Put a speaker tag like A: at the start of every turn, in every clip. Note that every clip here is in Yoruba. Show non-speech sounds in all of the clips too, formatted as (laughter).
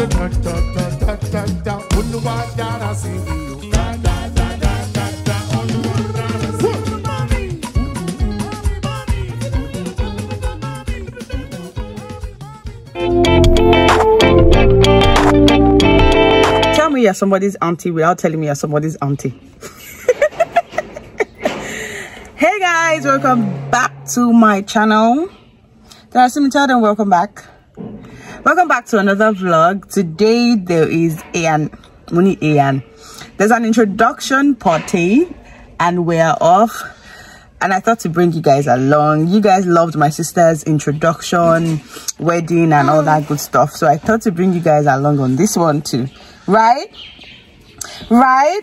A: Tell
B: me you're somebody's auntie without telling me you're somebody's auntie. (laughs) hey guys, welcome back to my channel. Darasimi, tell them welcome back welcome back to another vlog today there is an money an there's an introduction party and we're off and i thought to bring you guys along you guys loved my sister's introduction wedding and all that good stuff so i thought to bring you guys along on this one too right right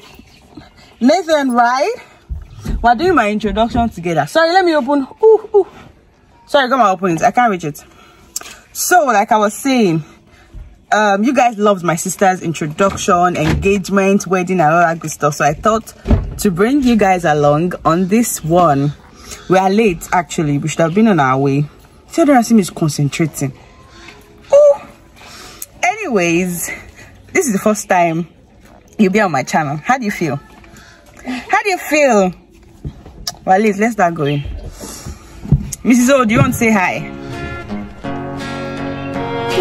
B: nathan right we're doing my introduction together sorry let me open ooh, ooh. sorry come my open it i can't reach it so, like I was saying, um, you guys loved my sister's introduction, engagement, wedding, and all that good stuff. So I thought to bring you guys along on this one. We are late, actually. We should have been on our way. Chederasim is concentrating. Oh, anyways, this is the first time you'll be on my channel. How do you feel? How do you feel? Well, at least let's start going. Mrs. O, do you want to say hi?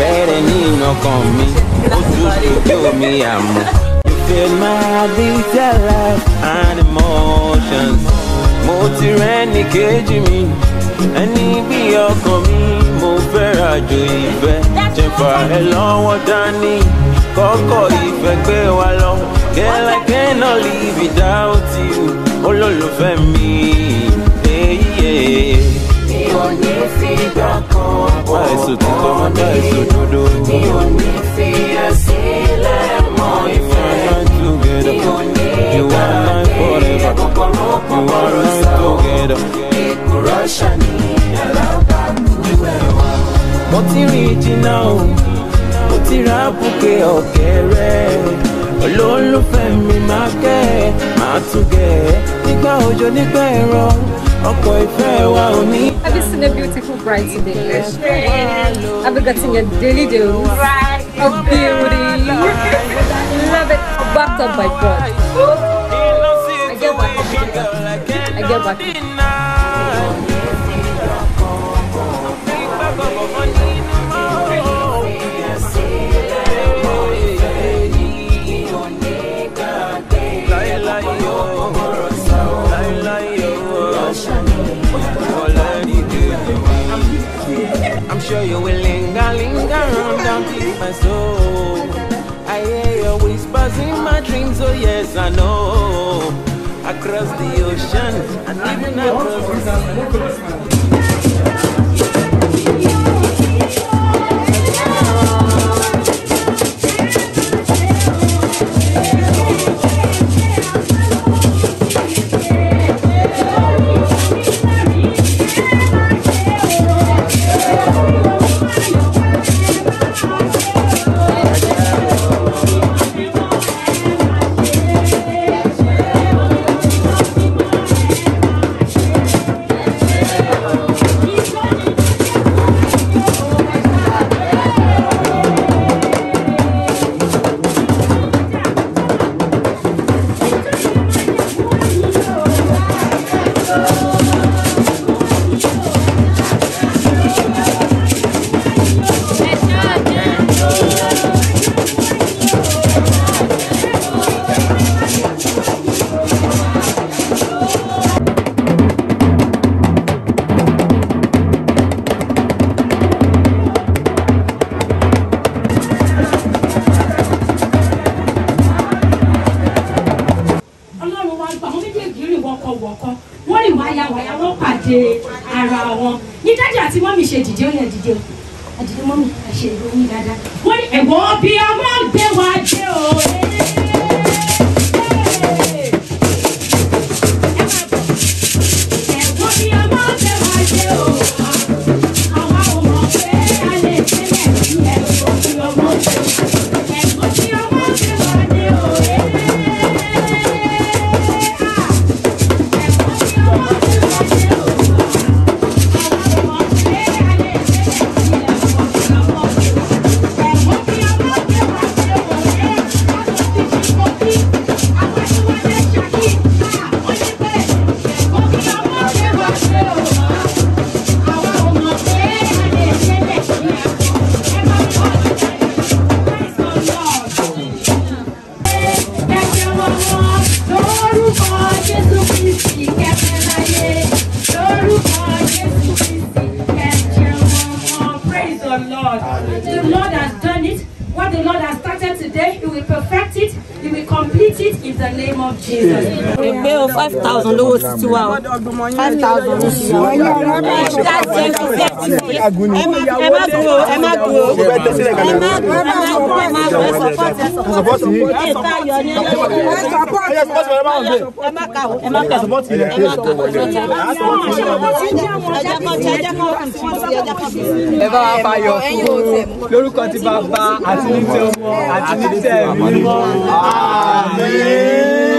C: fẹ́rẹ̀ nínú ọkàn mi ó tútù bí omi àmú.
B: You fill my digital life
C: and emotions. Mo ti rẹ́ni kejì mi, ẹni bí ọkàn mi. Mo fẹ́ rajo ìfẹ́, jẹ̀fà ẹ lọ́wọ́ dání. Kọ́kọ́ ìfẹ́ gbé wa lọ. Girl, I cannot live without you. Olólùfẹ́ mi, èyí eh, yẹ.
A: Mi ò ní fi gbà láìsò títọ́ láìsò dodo. mi ò ní fi ẹ sílẹ̀ mọ́ ìfẹ́ mi ò ní gbàgbé kòkòrò kòkòrò
C: sọ ìkúrọ̀ ṣàní alábàgbé
B: wa. mo ti rìn jìnnà o mo ti ra bùkẹ́ ọ̀kẹ́rẹ́ olólùfẹ́ mi máa kẹ́ máa tún gẹ̀ nígbà òjò nígbà
C: ẹ̀rọ. ọkọ̀
A: Have you seen a beautiful bride today?
C: Yes,
D: Have you gotten your daily dose of beauty? Love it, backed up by God. I get what
A: I get what.
B: was in my dreams, oh yes, I know. Across the ocean
C: and even across the sea.
D: did today. post tiwa o
B: five thousand tiwa ẹ má gbó ẹ má gbó ẹ má gbó ẹ má gbó ẹ má gbó ẹ má gbó ẹ support ẹ support ẹ ta yọ ní ẹ ẹ
A: má kà
D: o
B: ẹ má kà o ẹ má kà o ẹ jẹ kọ
A: ẹ jẹ kọ ẹ bá wa bá yọ lórúkọ tí bàbá àti ní tẹ ọmọ àti ní tẹ mímọ́ àmín.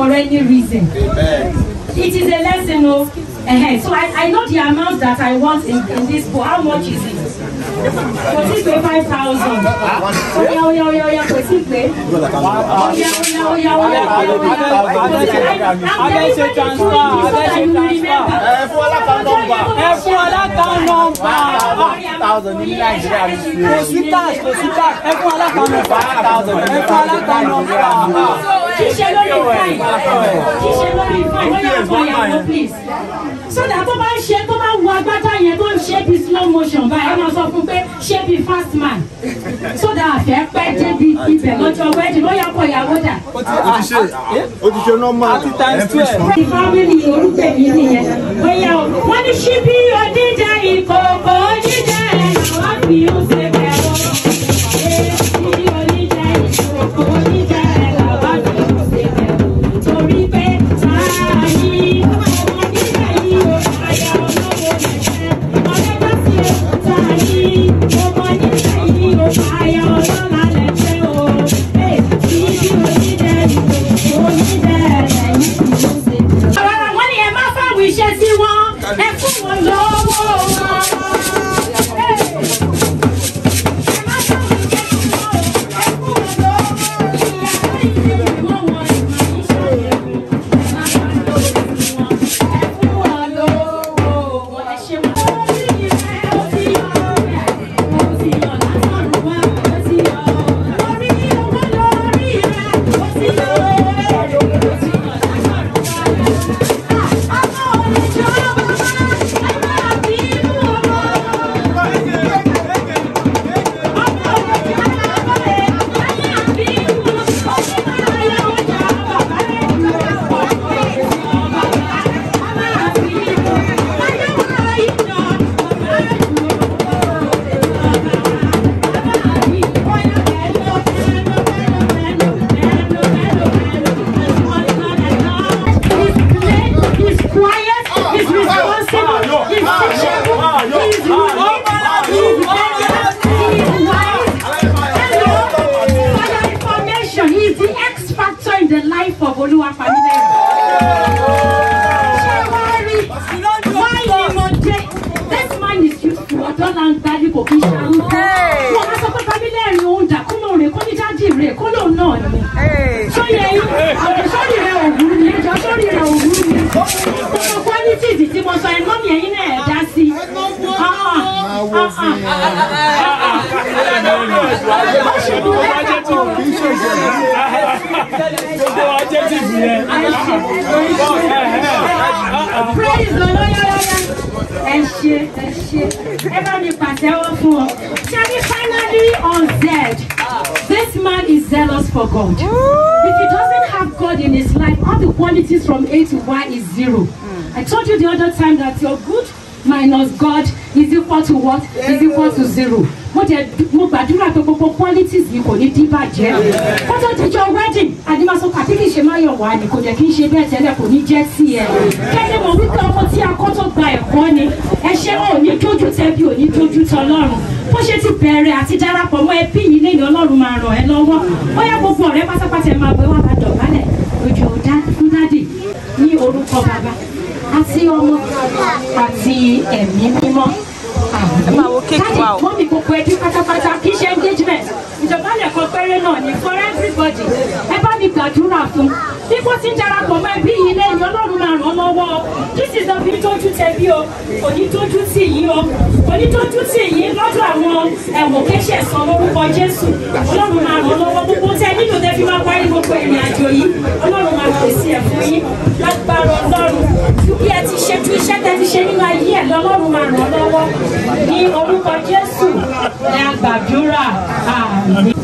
D: for any reason. Amen. It is a lesson, oh. Uh-huh. So I, I know the amount that I want in, in this book. How much is it? Kòtíkpé five thousand. ṣíṣe lórí fine ṣíṣe lórí fine wọ́n yà wọ́n yà wọ́n please so that tó bá ń ṣe tó bá ń wo agbádá yẹn tó ń ṣe bí slow motion báyìí wọ́n sọ fún pé ṣe bí fast man so that àfẹ́ pẹ́ débi
C: ibẹ̀ lọ́jọ́ wedding ló yà kọ ìyàwó dà. o ti ṣe o ti ṣe normal àti times twelve.
D: the family orúkọ mi nìyẹn bóyá o ní ṣíbí oníjà ìkòkò oníjà. ṣe ẹ ṣe ẹ finally on Z. this man is zealous for God. If he doesn't have God in his life, all the qualities from A to Y is zero. Hmm. I told you the other time that your good minus God is equal to what? Is equal to zero. mo dẹ̀ mo gbàdúrà pé gbogbo qualities yìí kò ní dín bàjẹ́ kó tó dijọ́ wedding àdìmọ́sọ kàbí kì í ṣe máyọ̀ wá ni kò jẹ́ kí n ṣe bẹ́ẹ̀ tẹ́lẹ̀ kò ní jẹ́ sí ẹ kẹ́lẹ́ mọ̀ wípé ọkọ tí a kọ́ tó gba ẹ̀kọ́ ni ẹṣẹ́ ò ní dójú tẹ́bí ò ní dójú tọlọ́run bó ṣe ti bẹ̀rẹ̀ àti darapọ̀ mọ́ ẹbí yìí lẹ́yìn ọlọ́run máa ràn ẹ́ lọ́wọ́ ó yẹ gbogbo ọ̀rẹ́ pátápátá ẹ máa wo kéèkì wa o. káàdì mọ́mì gbogbo ẹjú pátápátá kì í ṣe engagement ìjọba lẹ́kọ̀ọ́ péré náà ní for everybody ẹ bá mi gbàdúrà fún bí kò ti ń darapọ̀ mọ́ ẹbí yìí lẹ́yìn ọlọ́run máa ràn án lọ́wọ́ this is the bí tójú tẹbí o òní tójú tì yín o òní tójú tì yín lọ́dọ̀ àwọn ẹ̀wọ̀n kéṣẹ̀ san lórúkọ Jésù ọlọ́run máa ràn án lọ́wọ́ gbogbo tẹ nínú tẹ fi máa parí gbogbo ìrìn àjò yìí ọlọ́run máa pèsè ẹ̀ yín lágbára ṣe nínú ayé ẹ̀ lọ́lọ́run máa ràn lọ́wọ́ ní orúkọ Jésù ní àgbàdúrà
A: àmín.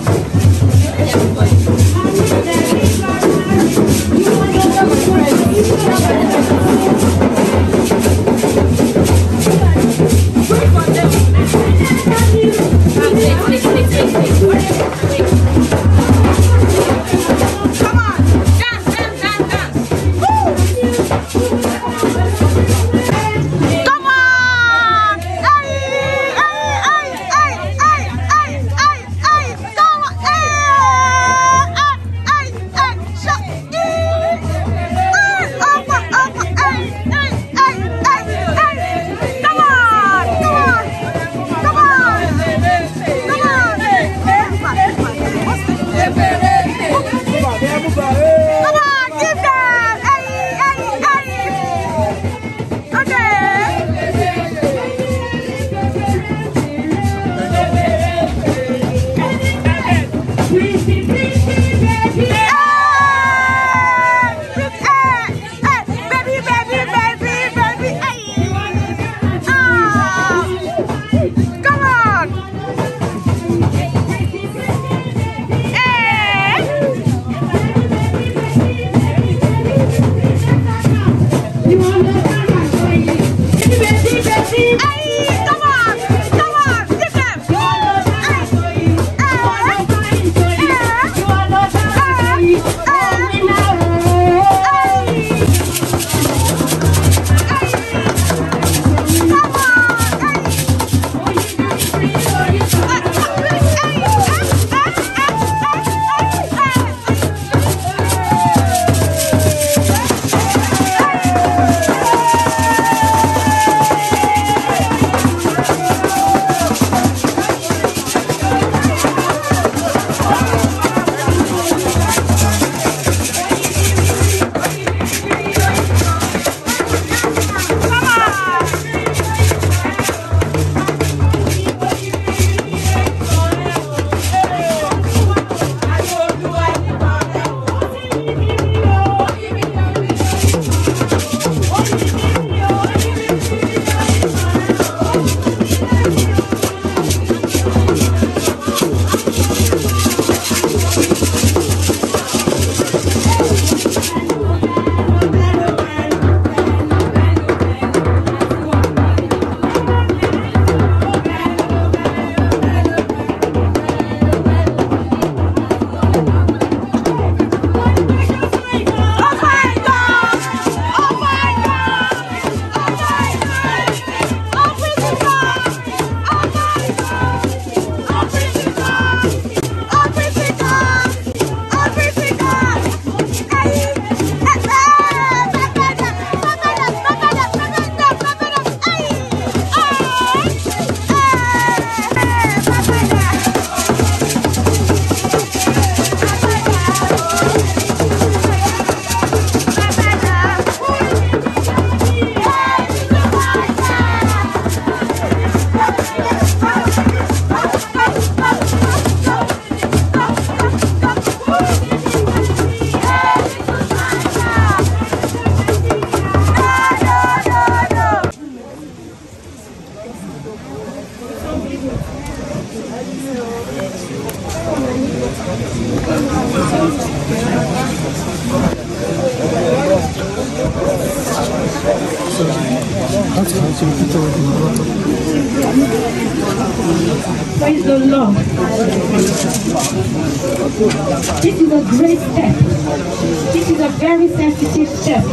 D: very sensitive step.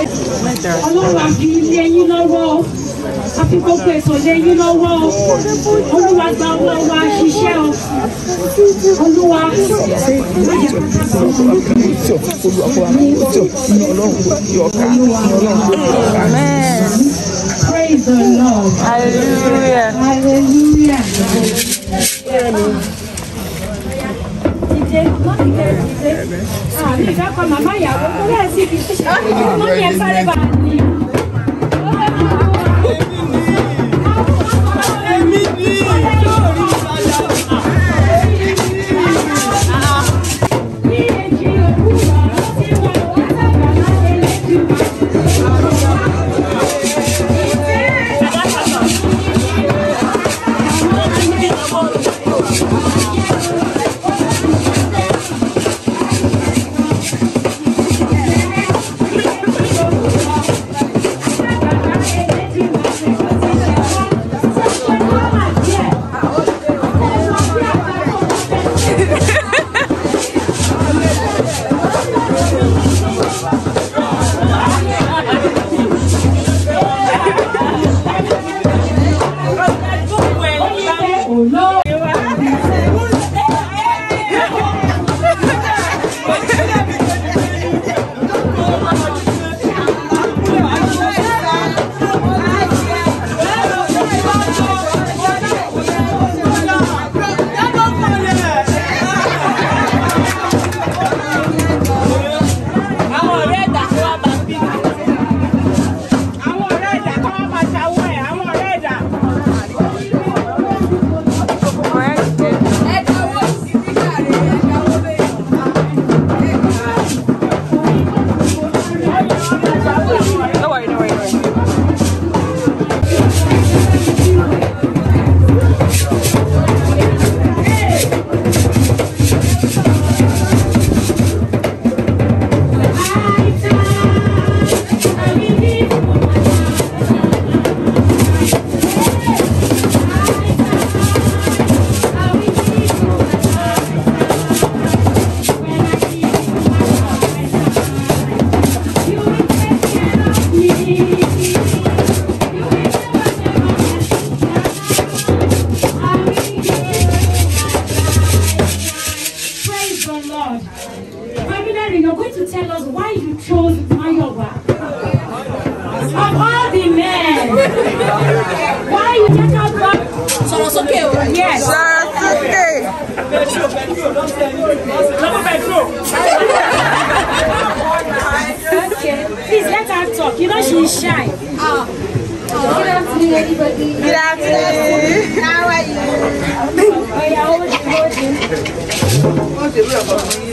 D: Olúwa fi ilé yín lọ́wọ́ o. A fi gbogbo ètò lé yín lọ́wọ́ o. Olúwa gba ọwọ́ wa ṣiṣẹ́ o.
C: Olúwa Amen. Praise the Lord.
A: Hallelujah. Hallelujah jáde mọ́mí kẹrin ìgbé àmì ìfẹ́ kọ màmá ìyàwó kó bẹ́ẹ̀ sí ibi ṣíṣe mọ́mí ẹ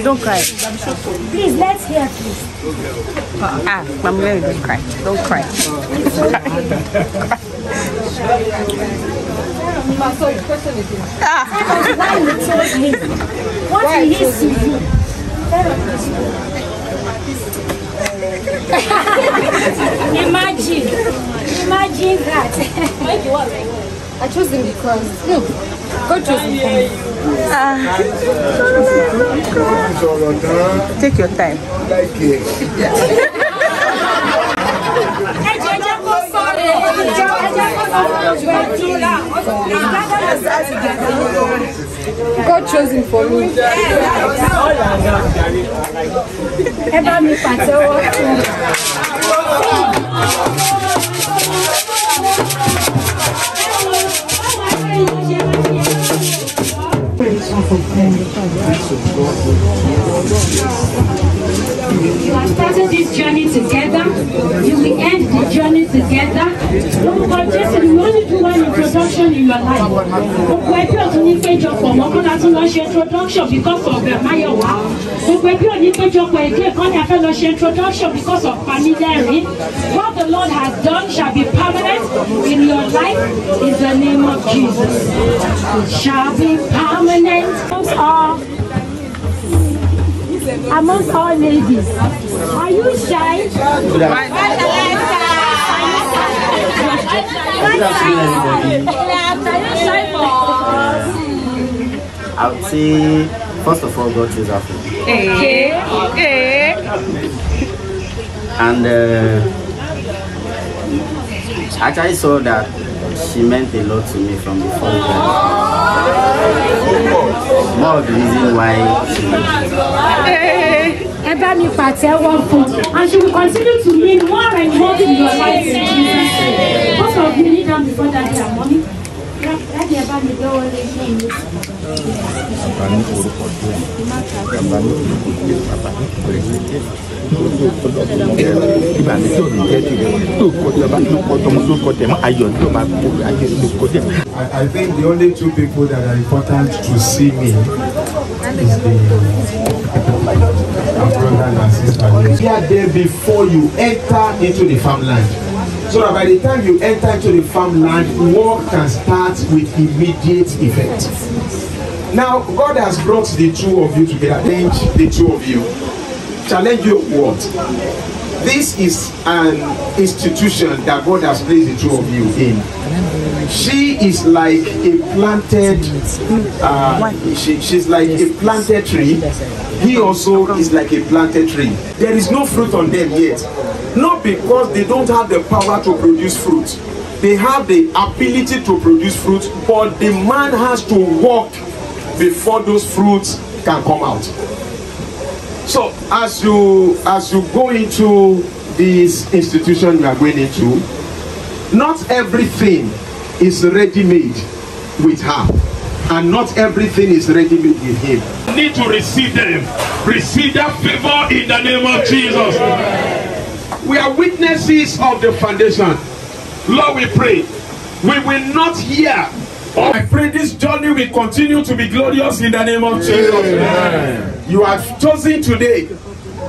B: Don't cry. Please, let's hear, please. Ah, I'm going to cry. Don't cry. so
A: the question ah. what why he is
D: imagine, imagine that. Why do you want?
A: I chose him because no, God chose him. Ah.
B: Take your time. Like
A: God chose him for me.
D: You have started this journey together. You will end the journey together. Don't
A: introduction in your life. Gbogbo
D: ẹbí òtún ní péjọpọ̀ mọ́ kọ́lá tún lọ ṣe introduction because of eh, Mayowa. Gbogbo ẹbí òní péjọpọ̀ èké kan ní a fẹ́ lọ ṣe introduction because of Pamideri. What the Lord has done shall be permanent in your life in the name of Jesus. shall be permanent. Amongst all ladies, are you shy?
C: Good afternoon, everybody. I would say, first of all, God chose Afro.
A: Okay, okay.
C: And uh, I actually saw that she meant a lot to me from before first time. More of the reason
D: why she. Hey. ẹ bá mi pàtẹ́wọ́ fún and she will continue to mean more and more in your life in Jesus' name will be down before daddy and mommy. I think
C: the only two people that are important to see me is the my brother and sister. They are there before you enter into the farmland so that by the time you enter into the farmland, work can start with immediate effect. Now, God has brought the two of you together. Challenge the two of you. Challenge you what? This is an institution that God has placed the two of you in. She is like a planted, uh, she, she's like a planted tree. He also is like a planted tree. There is no fruit on them yet. Not because they don't have the power to produce fruit. They have the ability to produce fruit, but the man has to walk before those fruits can come out. So as you as you go into this institution you are going into, not everything is ready made with her, and not everything is ready made with him. You need to receive them, receive that favor in the name of Jesus. We are witnesses of the foundation. Lord, we pray. We will not hear I pray this journey will continue to be glorious in the name of Jesus. Amen. You have chosen today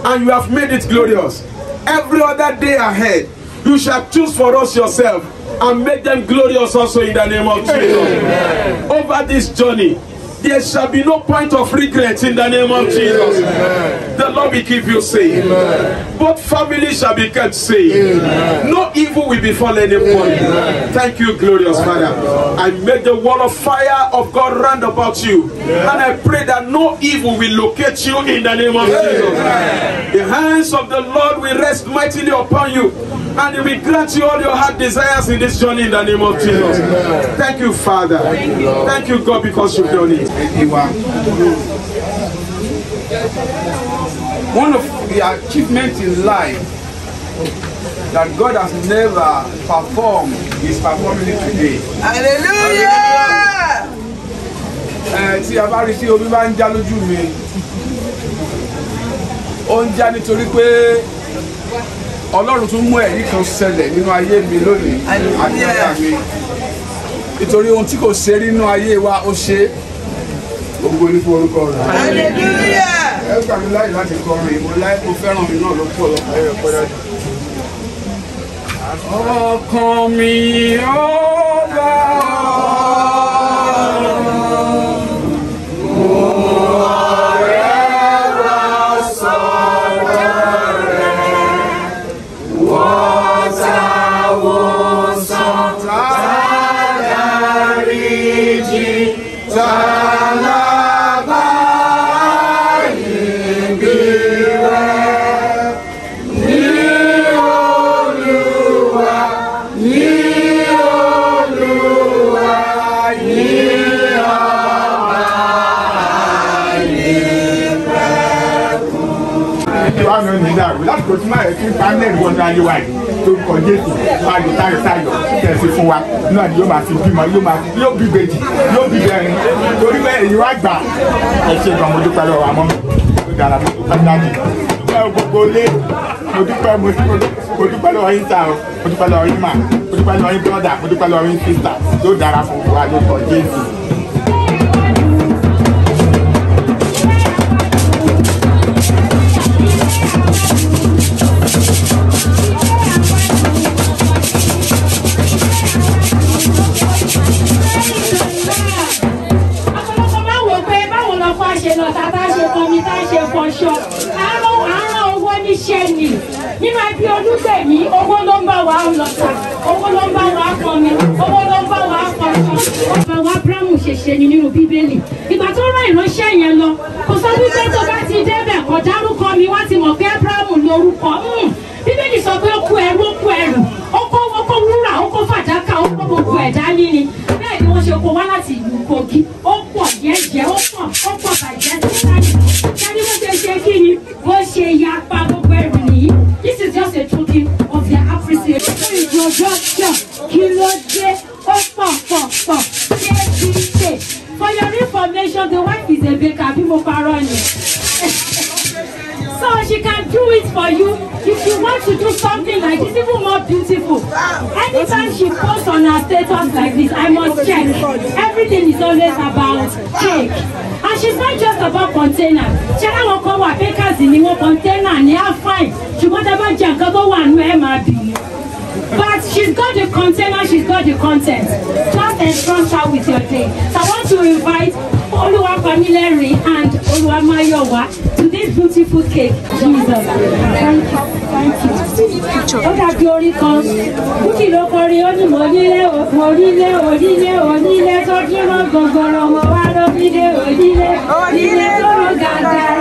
C: and you have made it glorious. Every other day ahead, you shall choose for us yourself and make them glorious also in the name of Jesus. Amen. Over this journey, There shall be no point of regret in the name of Jesus. Amen. The Lord will keep you safe. Amen. Both families shall be kept safe. Amen. No evil will befall anyone. Thank you, glorious Father. I make the wall of fire of God round about you. And I pray that no evil will locate you in the name of Jesus. The hands of the Lord will rest mightily upon you and He will grant you all your heart desires in this journey in the name of Jesus. Thank you, Father. Thank you, God, because you've done it. One of the achievements in life that God has never performed is performing it today. Hallelujah! Eh, tí a bá omi bá ń já lójú mi, ó ń já nítorí pé ọlọ́run tún mú ẹ̀rí kan ṣẹlẹ̀ nínú ayé mi lónìí àti ayé mi nítorí ohun tí kò ṣe nínú ayé wa ó ṣe gbogbo ní fún orúkọ rẹ. ẹ gbà mí láyè láti kọrin ìwọ láyé kó fẹ́ràn mi náà ló lọ́pọ̀ ọkàn mi ó bá ọ. tí pamẹ́lì wọn láyé wa yìí tó kọ jésù báyọ̀ táyọ̀ táyọ̀ tẹ̀sí fún wa náà ni yóò máa fi bímọ yóò máa yóò bí bèjì yóò bí bẹ̀rin torí bẹ́ẹ̀ èyí wá gbà ẹ ṣe gan mo dúpẹ́ lọ́wọ́ àmọ́ mi dára mo dúpẹ́ dájú dúpẹ́ gbogbo lé mo dúpẹ́ mo dúpẹ́ lọ́wọ́ yín ta mo dúpẹ́ lọ́wọ́ yín mà mo dúpẹ́ lọ́wọ́ yín brọ́dà mo dúpẹ́ lọ́wọ́ yín sísà tó dára fún wa ló jésù.
D: ṣe ni nínú bíbélì ìgbà tó rán ìránṣẹ́ yẹn lọ kò sọ wípé tó bá ti débẹ̀ kò dárúkọ mi wá ti mọ̀ pé abrahamu lórúkọ hmm. bíbélì sọ pé ó kó ẹrú ó kó ẹrù ó kó ó kó wúrà ó kó fàdákà ó kó gbogbo ẹ̀ dání ni bẹ́ẹ̀ ni wọ́n ṣe kó wá láti ìlú kogi mo So she can do it for you if you want to do something like this even more beautiful. Anytime she posts on her status like this, I must check. Everything is always about cake. And she's not just about container. Ṣé àwọn kan wà bakers ni wọ́n container ni á fine ṣùgbọ́n tá a bá jẹ nǹkan tó wà nù But she's got the container, she's got the content. Just entrust her with your day. So I want to invite Oluwapamilere and mayowa to this beautiful cake. Jesus. Thank you. Thank you. Picture. Ó dàbí orin kan. Búkì ló kọrin ó ní mo nílé onílé onílé onílé tó dúró gbọ̀ngàn ọmọ wa ló nílé onílé onílé tó rọ gàgàrà.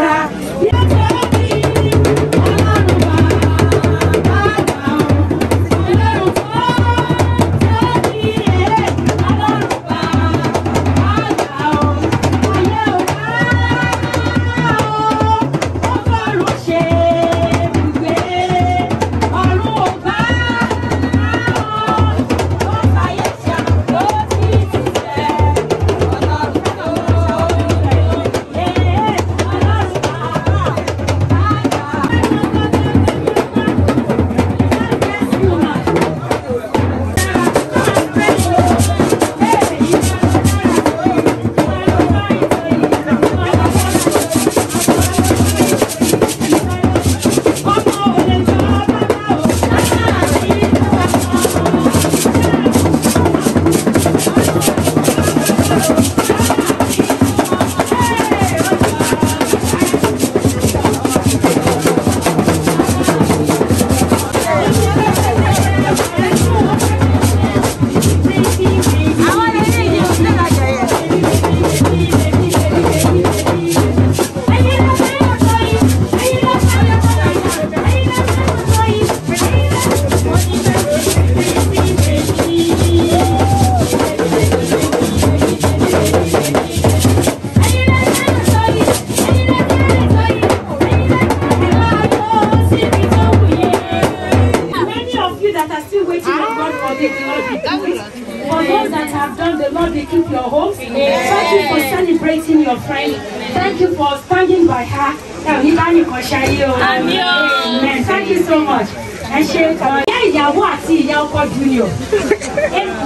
D: ṣayé o. àmì o. thank you so much. ẹ ṣe kàn. ìyá ìyàwó àti ìyá ọkọ junior.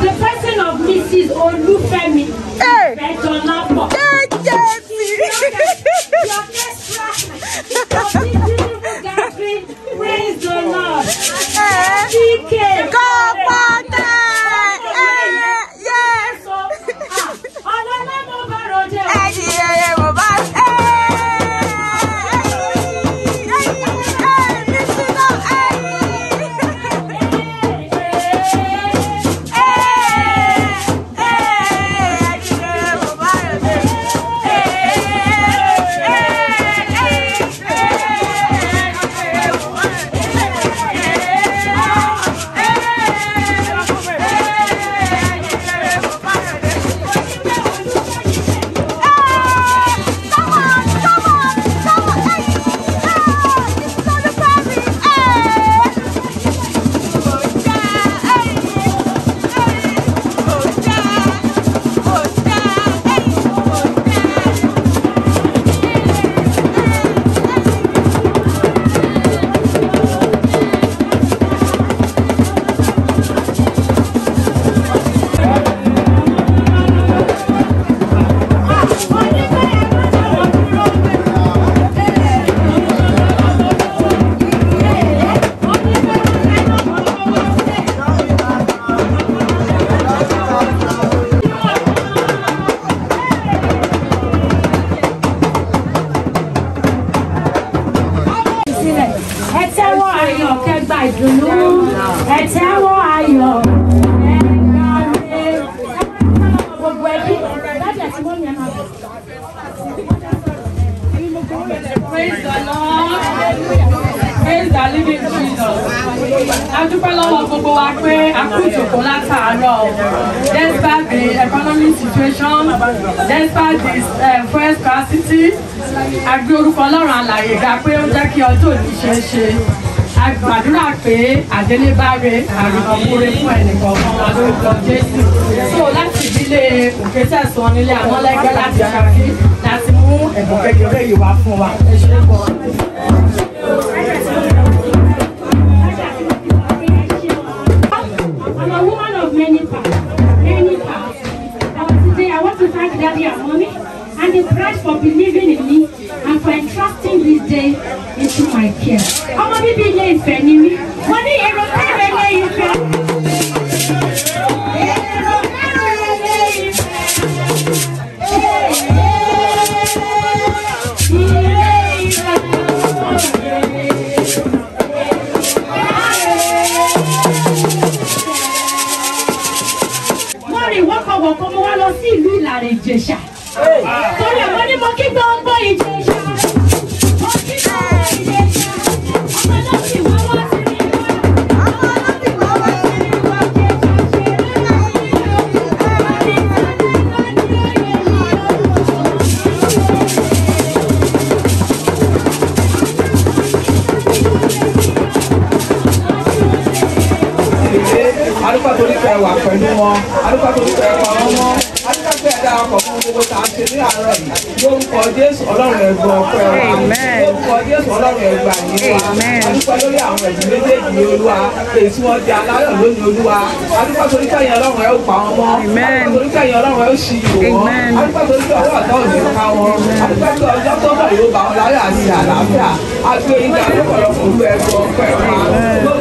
D: the person of Mrs. Olúfẹ́mi Ìfẹ́jọlápọ̀. ẹgbà ìdùnnú ẹ̀tẹ́wọ́ ayọ̀ ẹ̀gbà rẹ̀ gbogbo ẹbí láti àti mọ́mí ẹ̀ máa bọ̀. Praise the Lord. Praise the living Jesus. A dúpẹ́ lọ́wọ́ gbogbo wa pé Despite the economic situation, despite this eh, first scarcity, a gbé orúkọ Ọlọ́run àlàyé ga pé ó jẹ́ kí ọjọ́ òní ṣeé a gbàdúrà pé àdélébáre àrùnkọ̀kúrẹ́ fún ẹnìkọ̀ọ̀kan wa lórúkọ Jésù so láti ìdílé òkè tẹ̀sán nílé Amọ́lẹ́gbẹ́ láti ṣàfi láti mú ẹ̀bùn kékeré yìí wá fún wa. ẹ ṣe Daddy and mommy, and the price for believing in me and for entrusting this day into my care. Ọmọ bíbí ilé Ifẹ̀ ni mí, mo
A: ní èrò pé ìrẹ́lẹ̀ Ifẹ̀.
B: pè tí wọ́n di aláwọ̀ lónìí olúwa adúgbò torí ọlọ́run ẹ ó pa wọn mọ́ adúgbò torí ọlọ́run ẹ ó ṣí ìwò wọn adúgbò ọwọ́ ọ̀tọ́ òní ká wọn adúgbò ọjọ́ tó bọ̀ yóò bá wọn láyọ̀ àti àlàáfíà adúgbò yìí dá lọ́pọ̀lọpọ̀ olú ẹ̀